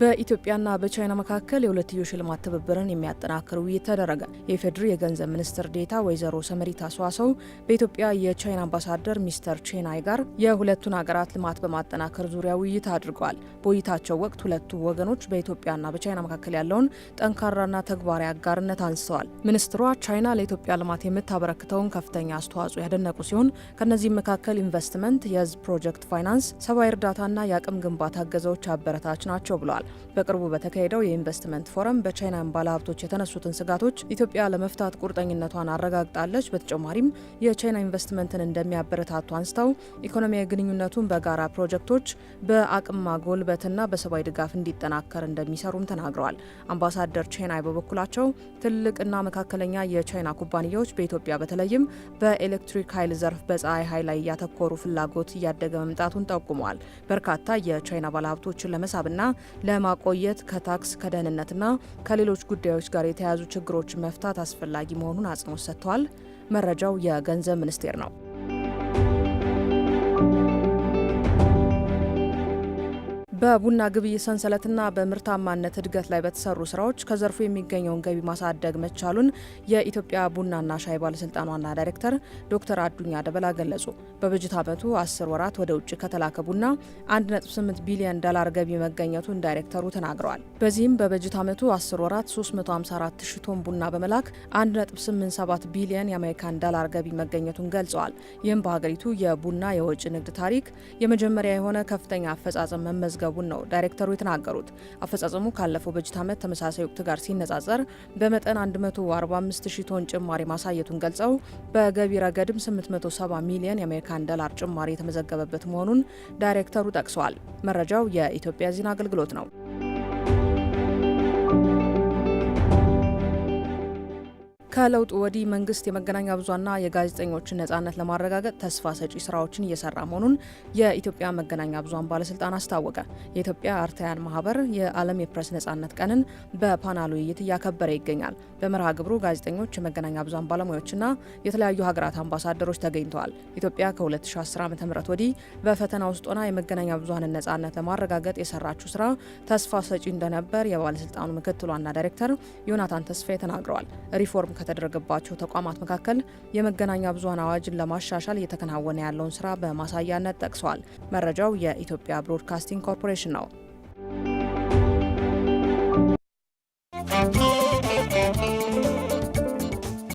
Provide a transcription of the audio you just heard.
በኢትዮጵያና በቻይና መካከል የሁለትዮሽ ልማት ትብብርን የሚያጠናክር ውይይት ተደረገ። የፌድሪ የገንዘብ ሚኒስትር ዴታ ወይዘሮ ሰመሪት አስዋሰው በኢትዮጵያ የቻይና አምባሳደር ሚስተር ቼናይ ጋር የሁለቱን ሀገራት ልማት በማጠናከር ዙሪያ ውይይት አድርገዋል። በውይይታቸው ወቅት ሁለቱ ወገኖች በኢትዮጵያና በቻይና መካከል ያለውን ጠንካራና ተግባራዊ አጋርነት አንስተዋል። ሚኒስትሯ ቻይና ለኢትዮጵያ ልማት የምታበረክተውን ከፍተኛ አስተዋጽኦ ያደነቁ ሲሆን ከእነዚህም መካከል ኢንቨስትመንት፣ የህዝብ ፕሮጀክት ፋይናንስ፣ ሰብአዊ እርዳታና የአቅም ግንባታ እገዛዎች አበረታች ናቸው ብለዋል። በቅርቡ በተካሄደው የኢንቨስትመንት ፎረም በቻይና ባለሀብቶች የተነሱትን ስጋቶች ኢትዮጵያ ለመፍታት ቁርጠኝነቷን አረጋግጣለች። በተጨማሪም የቻይና ኢንቨስትመንትን እንደሚያበረታቱ አንስተው ኢኮኖሚያዊ ግንኙነቱን በጋራ ፕሮጀክቶች፣ በአቅም ማጎልበትና በሰብአዊ ድጋፍ እንዲጠናከር እንደሚሰሩም ተናግረዋል። አምባሳደር ቻይና በበኩላቸው ትልቅና መካከለኛ የቻይና ኩባንያዎች በኢትዮጵያ በተለይም በኤሌክትሪክ ኃይል ዘርፍ በፀሐይ ኃይል ላይ እያተኮሩ ፍላጎት እያደገ መምጣቱን ጠቁመዋል። በርካታ የቻይና ባለሀብቶችን ለመሳብና ለማቆየት ከታክስ ከደህንነትና ከሌሎች ጉዳዮች ጋር የተያያዙ ችግሮችን መፍታት አስፈላጊ መሆኑን አጽንኦት ሰጥተዋል። መረጃው የገንዘብ ሚኒስቴር ነው። በቡና ግብይት ሰንሰለትና በምርታማነት እድገት ላይ በተሰሩ ስራዎች ከዘርፉ የሚገኘውን ገቢ ማሳደግ መቻሉን የኢትዮጵያ ቡናና ሻይ ባለስልጣን ዋና ዳይሬክተር ዶክተር አዱኛ ደበላ ገለጹ። በበጀት ዓመቱ አስር ወራት ወደ ውጭ ከተላከ ቡና 1.8 ቢሊዮን ዶላር ገቢ መገኘቱን ዳይሬክተሩ ተናግረዋል። በዚህም በበጀት ዓመቱ አስር ወራት 354 ሺህ ቶን ቡና በመላክ 1.87 ቢሊዮን የአሜሪካን ዶላር ገቢ መገኘቱን ገልጸዋል። ይህም በሀገሪቱ የቡና የውጭ ንግድ ታሪክ የመጀመሪያ የሆነ ከፍተኛ አፈጻጸም መመዝገ መመዝገቡን ነው ዳይሬክተሩ የተናገሩት። አፈጻጸሙ ካለፈው በጀት ዓመት ተመሳሳይ ወቅት ጋር ሲነጻጸር በመጠን 145 ሺህ ቶን ጭማሪ ማሳየቱን ገልጸው በገቢ ረገድም 870 ሚሊዮን የአሜሪካን ዶላር ጭማሪ የተመዘገበበት መሆኑን ዳይሬክተሩ ጠቅሰዋል። መረጃው የኢትዮጵያ ዜና አገልግሎት ነው። ከለውጡ ወዲህ መንግስት የመገናኛ ብዙሃንና የጋዜጠኞችን ነጻነት ለማረጋገጥ ተስፋ ሰጪ ስራዎችን እየሰራ መሆኑን የኢትዮጵያ መገናኛ ብዙሃን ባለስልጣን አስታወቀ። የኢትዮጵያ አርታያን ማህበር የዓለም የፕሬስ ነጻነት ቀንን በፓናል ውይይት እያከበረ ይገኛል። በመርሃ ግብሩ ጋዜጠኞች፣ የመገናኛ ብዙሃን ባለሙያዎችና የተለያዩ ሀገራት አምባሳደሮች ተገኝተዋል። ኢትዮጵያ ከ2010 ዓ ም ወዲህ በፈተና ውስጥ ሆና የመገናኛ ብዙሃንን ነጻነት ለማረጋገጥ የሰራችው ስራ ተስፋ ሰጪ እንደነበር የባለስልጣኑ ምክትል ዋና ዳይሬክተር ዮናታን ተስፋዬ ተናግረዋል። ሪፎርም ከተደረገባቸው ተቋማት መካከል የመገናኛ ብዙሀን አዋጅን ለማሻሻል እየተከናወነ ያለውን ስራ በማሳያነት ጠቅሰዋል። መረጃው የኢትዮጵያ ብሮድካስቲንግ ኮርፖሬሽን ነው።